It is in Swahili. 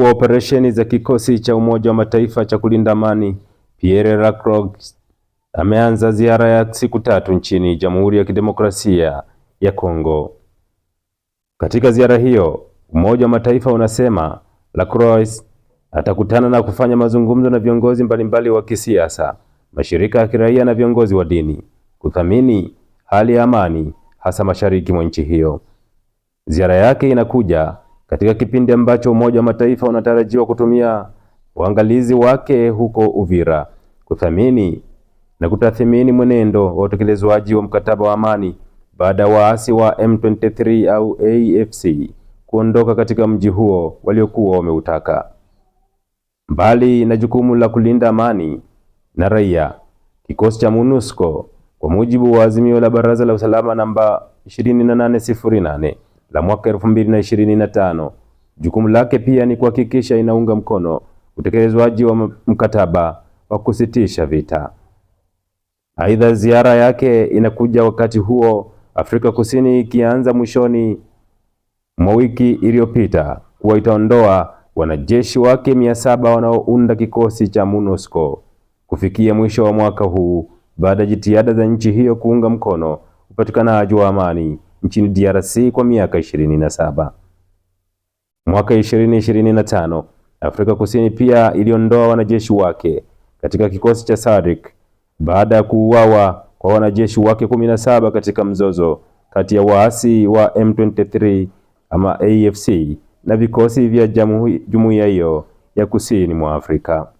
wa operesheni za kikosi cha Umoja wa Mataifa cha kulinda amani Pierre Lacroix ameanza ziara ya siku tatu nchini Jamhuri ya Kidemokrasia ya Kongo. Katika ziara hiyo, Umoja wa Mataifa unasema Lacroix atakutana na kufanya mazungumzo na viongozi mbalimbali wa kisiasa, mashirika ya kiraia na viongozi wa dini kuthamini hali ya amani hasa mashariki mwa nchi hiyo. Ziara yake inakuja katika kipindi ambacho Umoja wa Mataifa unatarajiwa kutumia waangalizi wake huko Uvira kuthamini na kutathimini mwenendo wa utekelezwaji wa mkataba wa amani baada ya waasi wa M23 au AFC kuondoka katika mji huo waliokuwa wameutaka. Mbali na jukumu la kulinda amani na raia, kikosi cha MONUSCO kwa mujibu wa azimio la Baraza la Usalama namba 2808 la mwaka 2025. Jukumu lake pia ni kuhakikisha inaunga mkono utekelezwaji wa mkataba wa kusitisha vita. Aidha, ziara yake inakuja wakati huo Afrika Kusini ikianza mwishoni mwa wiki iliyopita kuwa itaondoa wanajeshi wake mia saba wanaounda kikosi cha MONUSCO kufikia mwisho wa mwaka huu baada ya jitihada za nchi hiyo kuunga mkono upatikanaji wa amani nchini DRC kwa miaka 27. Mwaka 2025 Afrika Kusini pia iliondoa wanajeshi wake katika kikosi cha SADC baada ya kuuawa kwa wanajeshi wake 17 katika mzozo kati ya waasi wa M23 ama AFC na vikosi vya jumuiya hiyo ya kusini mwa Afrika.